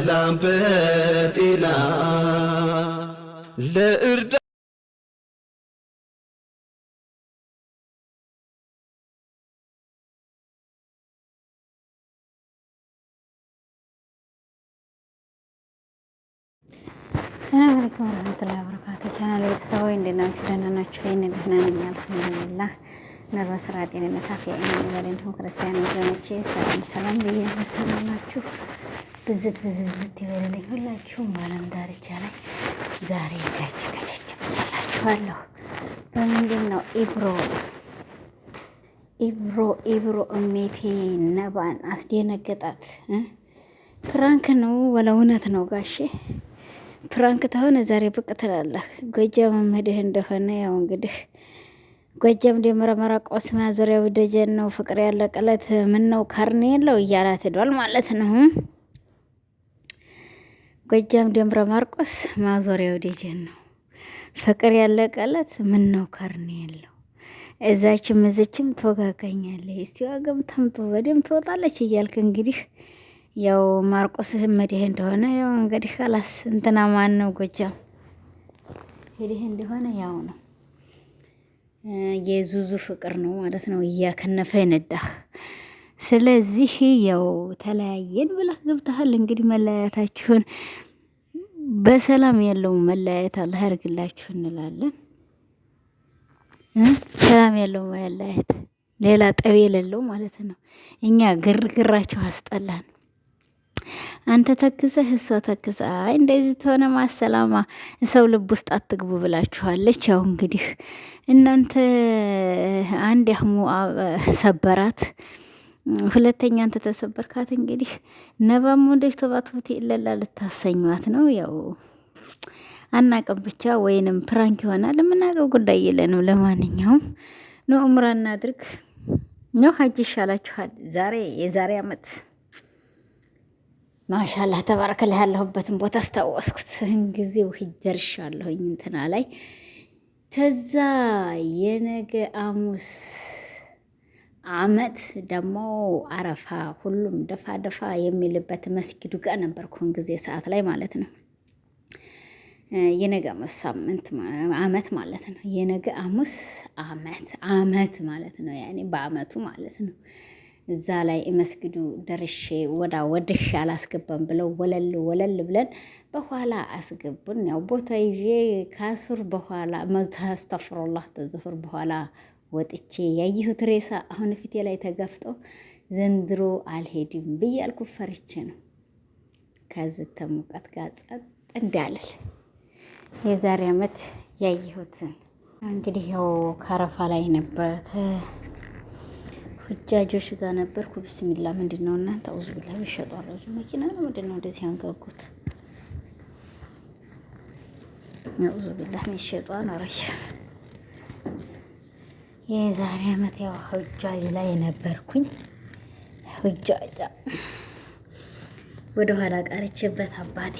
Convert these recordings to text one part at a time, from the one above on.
በሰላም በጤና ለእርዳ ሰላም አለይኩም ወራህመቱላሂ ወበረካቱ። ቻናል ቤተሰቦች እንዴት ናችሁ? ደህና ናችሁ? እኔ ደህና ነኝ አልሐምዱሊላህ። ነር ስራ ጤንነት አፍያ ይሁን። እንዲሁም ክርስቲያን ወገኖቼ ሰላም ሰላም ብዬ ሰላም ናችሁ ብዝት ብዝዝት ይበልልኝ። ሁላችሁም በዓለም ዳርቻ ላይ ዛሬ ጋች ገቸች ብያላችኋለሁ። በምንድን ነው ኢብሮ ኢብሮ ኢብሮ እሜቴ ነባን አስደነገጣት። ፕራንክ ነው ወላ እውነት ነው ጋሼ? ፕራንክ ተሆነ ዛሬ ብቅ ትላለህ። ጎጃም መሄድህ እንደሆነ ያው እንግዲህ ጎጃም ደመራ ቆስማ ማዞሪያው ደጀን ነው ፍቅር ያለቀለት ምን ነው ካርኔ የለው እያላት ሄዷል ማለት ነው። ጎጃም ደብረ ማርቆስ ማዞሪያው ደጀን ነው። ፍቅር ያለቀለት ምን ነው ከርን ያለው እዛችም እዝችም ተወጋጋኛለች። እስቲ ዋገም ተምጦ በደም ትወጣለች እያልክ እንግዲህ ያው ማርቆስ መድህ እንደሆነ ያው እንግዲህ ከላስ እንትና ማን ነው ጎጃም ሄድህ እንደሆነ ያው ነው የዙዙ ፍቅር ነው ማለት ነው። እያከነፈ ይነዳህ ስለዚህ ያው ተለያየን ብለህ ገብተሃል። እንግዲህ መለያየታችሁን በሰላም ያለው መለያየት አላህ ያርግላችሁ እንላለን። ሰላም ያለው መለያየት ሌላ ጠብ የሌለው ማለት ነው። እኛ ግርግራችሁ አስጠላን። አንተ ተክሰህ እሷ ተክሰ፣ አይ እንደዚህ ተሆነ ማሰላማ ሰው ልብ ውስጥ አትግቡ ብላችኋለች። ያው እንግዲህ እናንተ አንድ ያህሙ ሰበራት ሁለተኛ አንተ ተሰበርካት። እንግዲህ ነባም ወንዶች ተባትሁት ይለላ ልታሰኟት ነው ያው አናቅም ብቻ ወይንም ፕራንክ ይሆናል የምናውቀው ጉዳይ የለንም። ለማንኛውም ኖ እምራ እናድርግ ነው ሀጅ ይሻላችኋል። ዛሬ የዛሬ አመት ማሻላ ተባረከ ተባረከላ ያለሁበትን ቦታ አስታወስኩት። ጊዜው ሂጅ ደርሻለሁኝ እንትና ላይ ተዛ የነገ አሙስ አመት ደግሞ አረፋ ሁሉም ደፋ ደፋ የሚልበት መስጊዱ ጋር ነበርኩን ጊዜ ሰዓት ላይ ማለት ነው። የነገ አሙስ ሳምንት አመት ማለት ነው። የነገ አሙስ አመት አመት ማለት ነው። ያኔ በአመቱ ማለት ነው። እዛ ላይ መስጊዱ ደርሼ ወዳ ወድሽ አላስገባም ብለው ወለል ወለል ብለን በኋላ አስገቡን። ያው ቦታ ይዤ ከአሱር በኋላ መስተፍሮላህ ተዘፍር በኋላ ወጥቼ ያየሁት ሬሳ አሁን ፊቴ ላይ ተጋፍጦ ዘንድሮ አልሄድም ብያልኩ ፈርቼ ነው። ከዚህ ሙቀት ጋር ጸጥ እንዳለል የዛሬ ዓመት ያየሁትን እንግዲህ ያው ከረፋ ላይ ነበር ሁጃጆች ጋር ነበርኩ። ብስሚላ ምንድን ነው እናንተ አውዝ ብላ ይሸጧረጅ መኪና ነው ምንድን ነው እንደዚህ አንጋጉት አውዝ ብላ ሚሸጧን አረሽ የዛሬ ዓመት ያው ሁጃጅ ላይ የነበርኩኝ ሁጃጃ ወደ ኋላ ቀርቼበት አባቴ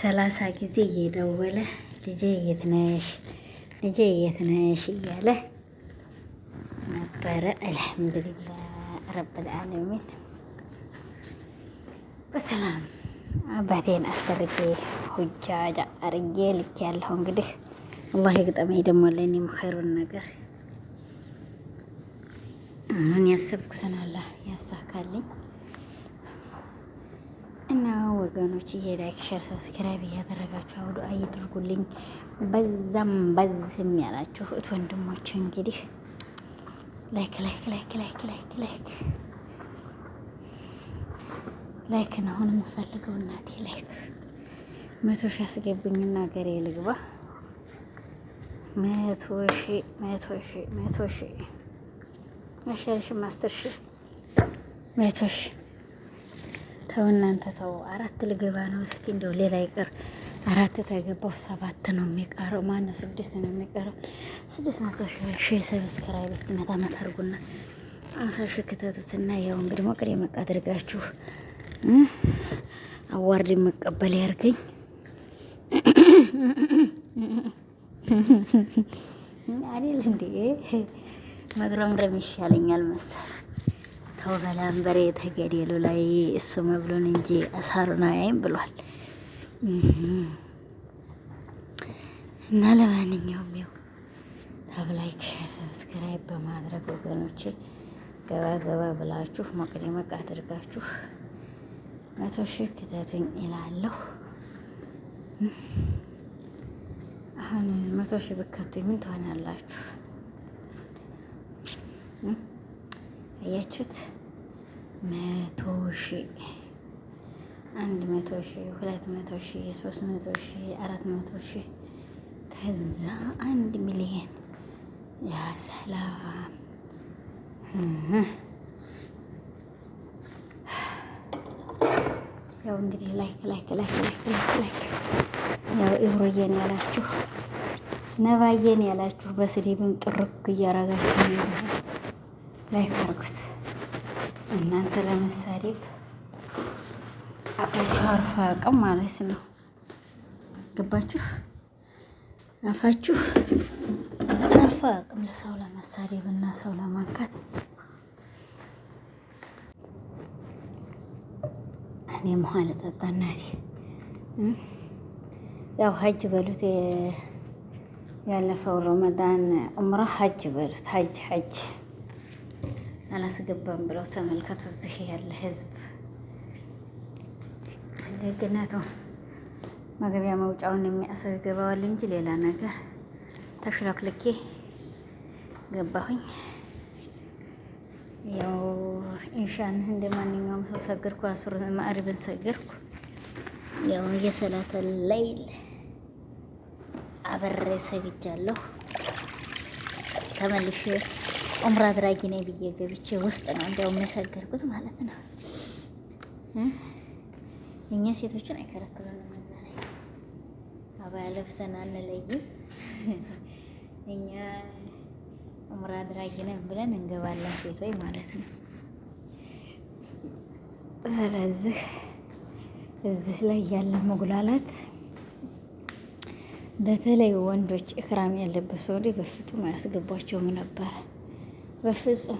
ሰላሳ ጊዜ እየደወለ ልጄ የት ነሽ ልጄ የት ነሽ እያለ ነበረ። አልሐምዱሊላህ ረብል ዓለሚን በሰላም አባቴን አስደርጌ ሁጃጃ አርጌ ልክ ያለሁ እንግዲህ አላህ ይግጠመኝ ደግሞ ለእኔም ኸይሩን ነገር አሁን ያሰብኩትን አላህ ያሳካልኝ እና ወገኖች ላይክ፣ ሸር፣ ሰብስክራይብ እያደረጋችሁ አውዱ እያደርጉልኝ በዛም በዝም ያላችሁ እህት ወንድሞች እንግዲህ ላይክ ላይክ ላይክ ላይክ ላይክ ላይክ ላይክ ነው አሁን የምፈልገው እናቴ ላይክ መቶ ሺህ አስገቡኝና ሀገሬ ልግባ። መቶ ሺ መቶ ሺ መቶ ሺ አይሻልሽም? አስር ሺ መቶ ሺ ተው እናንተ ተው። አራት ልገባ ነው። እስቲ እንደው ሌላ ይቅር። አራት ተገባው ሰባት ነው የሚቀረው። ማነው ስድስት ነው የሚቀረው። ስድስት መቶ ሺ ሰብስክራይብ እስቲ መታ መታ አድርጉና አምሳ ሺ ክተቱትና ያው እንግዲህ ሞቅድ መቃ አድርጋችሁ አዋርድ የመቀበል ያርገኝ አይደል እንዴ? መግረምረም ይሻለኛል መሰል። ተው በሬ የተገደሉ ላይ እሱ መብሉን እንጂ አሳሩን አያይም ብሏል። እና ለማንኛውም ያው ታብላይክ ሰብስክራይብ በማድረግ ወገኖቼ ገባ ገባ ብላችሁ ሞቅዴ መቅ አድርጋችሁ መቶ ሺህ ክተቱኝ ይላለሁ። አሁን መቶ ሺህ ብከቱኝ ምን ትሆናላችሁ? አያችሁት? መቶ ሺህ አንድ መቶ ሺህ ሁለት መቶ ሺህ ሶስት መቶ ሺህ አራት መቶ ሺህ ከዛ አንድ ሚሊየን ያ ሰላም ያው እንግዲህ ላይክ ላይክ ላይክ ላይክ ላይክ እብሮዬን ያላችሁ ነባዬን ያላችሁ በስድብም ጥርክ እያረጋችሁ ላይክ አድርጉት። እናንተ ለመሳደብ አፋችሁ አርፎ አያውቅም ማለት ነው። ገባችሁ? አፋችሁ አርፎ አያውቅም ለሰው ለመሳደብ እና ሰው ለማንካት። እኔ መሀል ጠጣ እናቴ ያው ሀጅ በሉት ያለፈው ረመዳን ኡምራ ሀጅ በሉት ሀጅ ሀጅ አላስገባም ብለው ተመልከቱ። እዚህ ያለ ህዝብ ደግነቱ መግቢያ መውጫውን የሚያሰው ይገባዋል እንጂ ሌላ ነገር ተሽለክልኬ ገባሁኝ። ያው ኢንሻን እንደ ማንኛውም ሰው ሰግርኩ፣ አሱር ማዕሪብን ሰግርኩ። ያው የሰላተ ሌይል አበሬ ሰግጃለሁ። ተመልሼ ኡምራ አድራጊ ነኝ ብዬ ገብቼ ውስጥ ነው እንዲያውም የሰገርኩት ማለት ነው። እኛ ሴቶችን አይከለክሉንም። እዛ ላይ አባያ ለብሰን አንለይም። እኛ ኡምራ አድራጊ ነን ብለን እንገባለን ሴቶች ማለት ነው። ስለዚህ እዚህ ላይ ያለ መጉላላት በተለይ ወንዶች እክራም ያለበት ወደ በፍጹም አያስገቧቸውም ነበረ። በፍጹም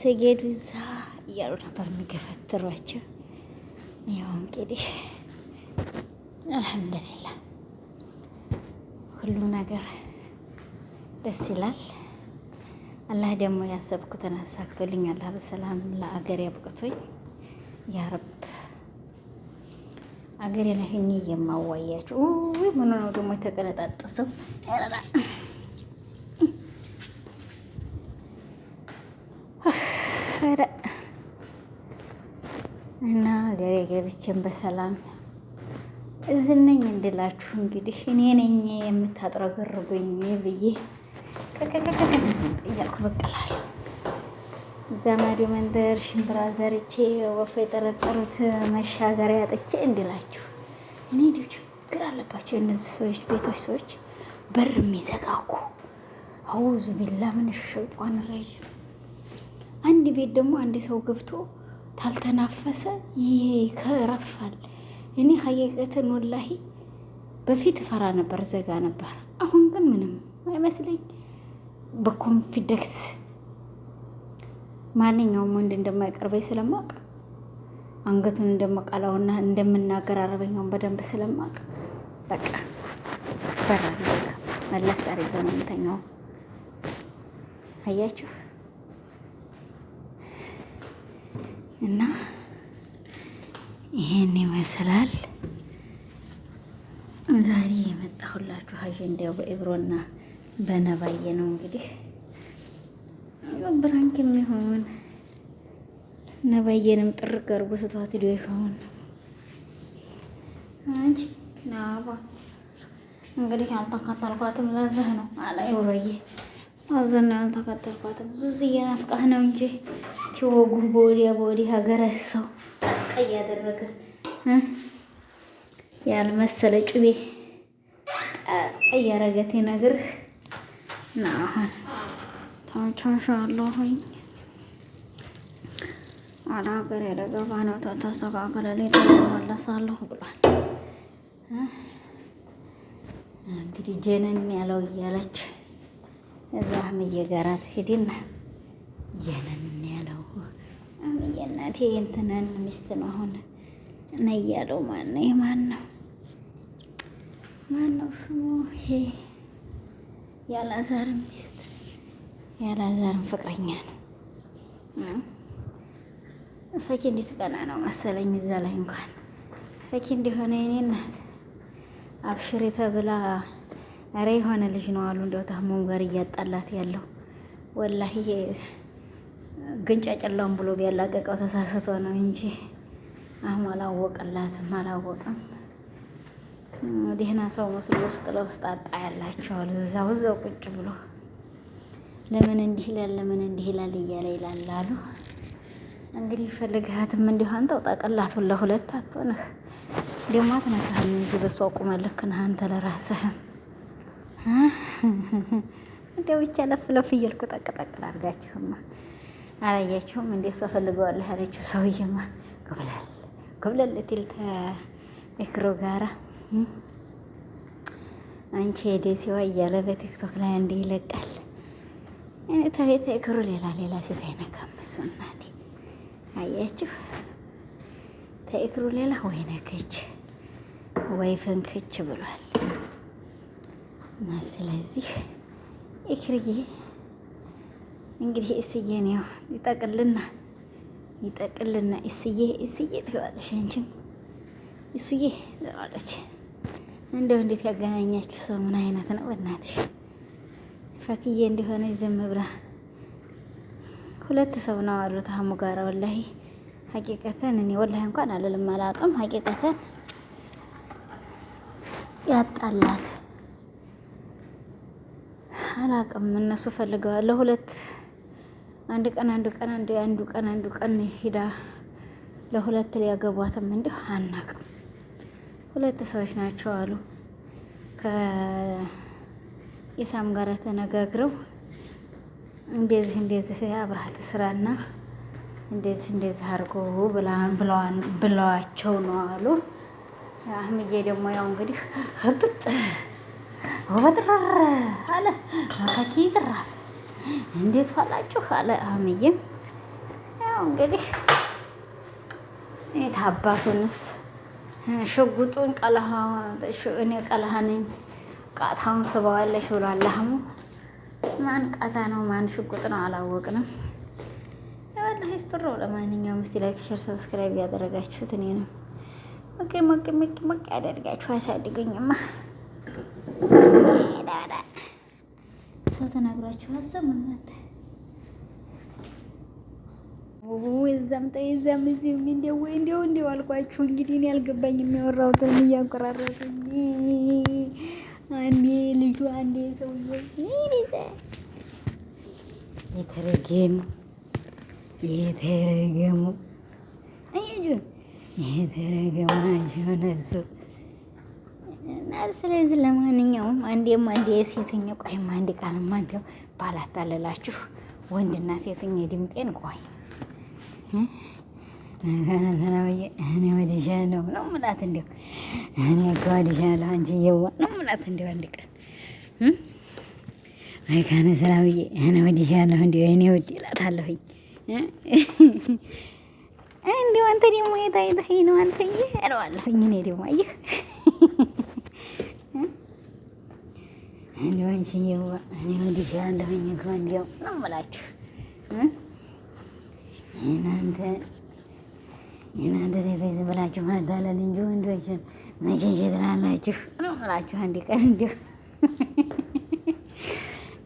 ስጌዱ ዛ እያሉ ነበር የሚገፈትሯቸው። ያው እንግዲህ አልሐምዱሊላ ሁሉም ነገር ደስ ይላል። አላህ ደግሞ ያሰብኩትን አሳክቶልኝ አላህ በሰላም ለአገር ያብቅቶኝ ያረብ አገሬ ላይ ሆኜ የማዋያችሁ ወይ ምን ነው ደግሞ የተቀለጣጠሰው ረራ እና አገሬ ገብቼን በሰላም እዝነኝ እንድላችሁ እንግዲህ እኔ ነኝ የምታጥረገርጉኝ ብዬ ቀቀቀቀ እያልኩ በቅላለሁ። ዘመዱ መንደር ሽምብራ ዘርቼ ወፍ የጠረጠሩት መሻገሪያ ያጠቼ እንዲላችሁ እኔ ልጅ ግራ አለባቸው። እነዚህ ሰዎች ቤቶች ሰዎች በር የሚዘጋጉ አውዙ ቢላ ምን ሸጧን ረይ አንድ ቤት ደግሞ አንድ ሰው ገብቶ ታልተናፈሰ ይከረፋል። እኔ ሀቂቀትን ወላሂ በፊት ፈራ ነበር፣ ዘጋ ነበር። አሁን ግን ምንም አይመስለኝ በኮንፊደንስ ማንኛውም ወንድ እንደማይቀርበኝ ስለማቅ አንገቱን እንደምቀላውና እንደምናገር አረበኛውን በደንብ ስለማቅ በቃ በራ መለስ አድርጌ ነው የምተኛው። አያችሁ እና ይህን ይመስላል ዛሬ የመጣሁላችሁ አጀንዳው በኤብሮና በነባዬ ነው እንግዲህ ያው ብራንክ የሚሆን ነባየንም ጥር ገርቦ ስትዋት ሂዶ ይሆን አንቺ ናባ እንግዲህ አልተከተልኳትም። ለዚህ ነው አላይ አልተከተልኳትም። ዙዝዬ ናፍቃህ ነው እንጂ ቲወጉ በወዲያ በወዲህ ሀገረ ሰው እያደረገ ያልመሰለ ጩቤ ጠቅ ነግርህ ና አሁን ታቻሻለሁኝ ወደ ሀገር የደገባ ነው ብሏል። እንግዲህ ጀነን ያለው እያለች እዛ አህምዬ ጋራ ትሄድና ጀነን ያለው አህምዬ እናቴ ሚስት ነው አሁን ነው እያለው ነው ማን ነው ስሙ ይሄ ያላዛር ሚስት ያላዛርን ፍቅረኛ ነው። ፈኪ እንዴት ቀና ነው መሰለኝ እዛ ላይ እንኳን ፈኪ እንዲሆነ የኔ እናት አብሽሬ ተብላ ኧረ የሆነ ልጅ ነው አሉ እንደው ታሞም ጋር እያጣላት ያለው ወላሂ ግንጫጭላውን ብሎ ቢያላቀቀው ተሳስቶ ነው እንጂ አሁን አላወቀላትም አላወቀም። ደህና ሰው መስሎ ውስጥ ለውስጥ አጣ ያላቸዋል እዛው እዛው ቁጭ ብሎ ለምን እንዲህ ይላል፣ ለምን እንዲህ ይላል እያለ ይላል አሉ። እንግዲህ ፈልግሃትም እንዲሁ አንተው ጠቅላቱን ለሁለት አትሆንህ ደግሞ አትነካህም እንጂ በእሷ ቁመህ ልክ ነህ አንተ ለራስህም እንደ ብቻ ለፍ ለፍ እያልኩ ጠቅ ጠቅ ላድርጋችሁማ። አላያችሁም እንደ እሷ ፈልገዋለህ ያለችው ሰውዬማ ገብለል ገብለል ትል ተክሮ ጋራ አንቺ ሲዋ እያለ በቲክቶክ ላይ እንዲህ ይለቃል። ታይ ክሩ ሌላ ሌላ ሴት አይነካም። እሱ እናቴ አያችሁ፣ ታይ ሌላ ወይ ነከች ወይ ብሏል። እና ስለዚህ እክርዬ እንግዲህ እስዬ ነው ይጠቅልና ይጠቅልና እስዬ እስዬ ትዋለሽ አንቺም እሱዬ እንደው እንዴት ያገናኛችሁ ሰው ምን አይነት ነው ፈክዬ እንዲሆነች ዝም ብላ ሁለት ሰው ነው አሉት አህሙ ጋር ወላሂ ሀቂቀተን እኔ ወላሂ እንኳን አልልም አላውቅም። ሀቂቀተን ያጣላት አላውቅም። እነሱ ፈልገዋል ለሁለት አንድ ቀን አንዱ ቀን አንዱ አንዱ ቀን አንዱ ቀን ሂዳ ለሁለት ሊያገቧትም እንዲሁ አናውቅም። ሁለት ሰዎች ናቸው አሉ ከ ኢሳም ጋር ተነጋግረው እንደዚህ እንደዚህ አብረህ ትስራና እንደዚህ እንደዚህ አድርጎ ብለዋቸው ነው አሉ። አህምዬ ደግሞ ያው እንግዲህ ህብጥ ወበጥረር አለ መካኪ ይዝራፍ እንዴት ዋላችሁ አለ አህምዬም ያው እንግዲህ የት ሽጉጡን ቀለሃ እኔ ቀለሃ ነኝ ቃታውን ስበዋለሽ ብሏል አህሙ። ማን ቃታ ነው ማን ሽጉጥ ነው አላወቅንም። የወላሂ ስጥሮ። ለማንኛውም እስቲ ላይክ፣ ሼር፣ ሰብስክራይብ ያደረጋችሁት እኔ ነው ሞቅ ሞቅ ሞቅ ሞቅ ያደርጋችሁ አሳድጉኝማ። ሰው ተናግራችሁ አሰሙ እናንተ እዛም ተይዛም እዚህም እንደው እንደው እንደው አልኳችሁ። እንግዲህ እኔ አልገባኝም የሚያወራው እያንቆራረጡኝ አንዴ ልጁ አንዴ ሰውዬ የተረገሙ የተረገሙ አያችሁ፣ የተረገሙ ናቸው እነሱ። እና ስለዚህ ለማንኛውም አንዴም አንዴ ቆይም አንድ ቃልም አንዴው ባላታለላችሁ ወንድና ድምጤን ቆይ እኔ ነው ምላት እኔ እየዋ ነው ናት። እንዲ አንድ ቀን አይካነ ሰላምዬ እኔ ወድሻለሁ እንዲ እኔ ወድ ይላታለሁኝ። እንዲ አንተ ደግሞ የታይተህ ነው አንተ እለዋለሁኝ። እኔ ደግሞ አየህ እንዲ አንቺዬዋ እኔ ወድሻለሁኝ እኮ እንዲያው ነው የምላችሁ እናንተ እናንተ ሴቶች ዝም ብላችሁ ማታለል እንጂ ወንዶችን መቼ ትላላችሁ ነው ምላችሁ። አንድ ቀን እንዲሁ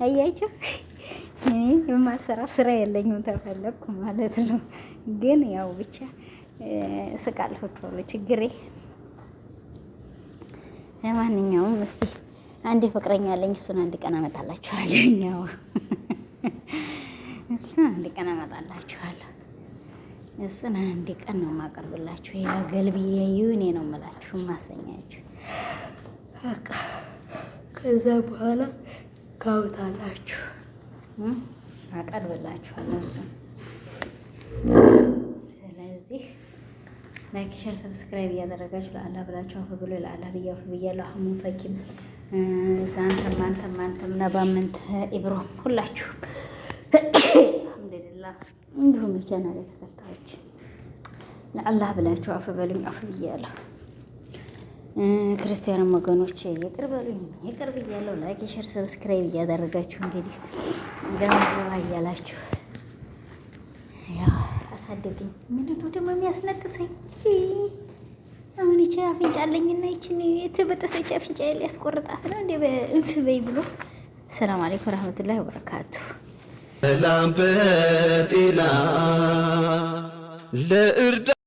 አያችሁ፣ እኔ ስራ የለኝም ተፈለግኩ ማለት ነው። ግን ያው ብቻ እስቃለሁ ቶሎ ችግሬ። ለማንኛውም እስኪ አንድ ፍቅረኛ አለኝ፣ እሱን አንድ ቀን አመጣላችኋለሁ። እሱን አንድ ቀን አመጣላችኋለሁ። እሱን አንድ ቀን ነው የማቀርብላችሁ። ያ ገልብዬ እኔ ነው የምላችሁ ማሰኛችሁ። ከዛ በኋላ ካውታላችሁ አቀርብላችኋለሁ እሱን። ስለዚህ ላይክ፣ ሸር፣ ሰብስክራይብ እያደረጋችሁ ለአላህ ብላችሁ አፍ ብሎ ለአላህ ብያ አፍ ብያለሁ። አህሙን ፈኪም፣ አንተም አንተም አንተም ነባም፣ እንተ ሁላችሁም አልሐምዱሊላህ እንዲሁም ብቻ ነገር ሰዎች ለአላህ ብላችሁ አፍ በሉኝ፣ አፍ ብያለሁ። ክርስቲያንም ወገኖች ይቅር በሉኝ፣ ይቅር ብያለሁ። ላይክ፣ ሸር፣ ሰብስክራይብ እያደረጋችሁ እንግዲህ ገባ እያላችሁ ያው አሳደገኝ። ምንድነው ደግሞ የሚያስነጥሰኝ? አሁን ይቺ አፍንጫ አለኝና ይችን የተበጠሰች አፍንጫ ያለ ያስቆርጣት ነው እንዴ? እንፍ ብሎ። ሰላም አለይኩም ረህመቱላሂ ወበረካቱሁ። ሰላም በጤና ለእርዳ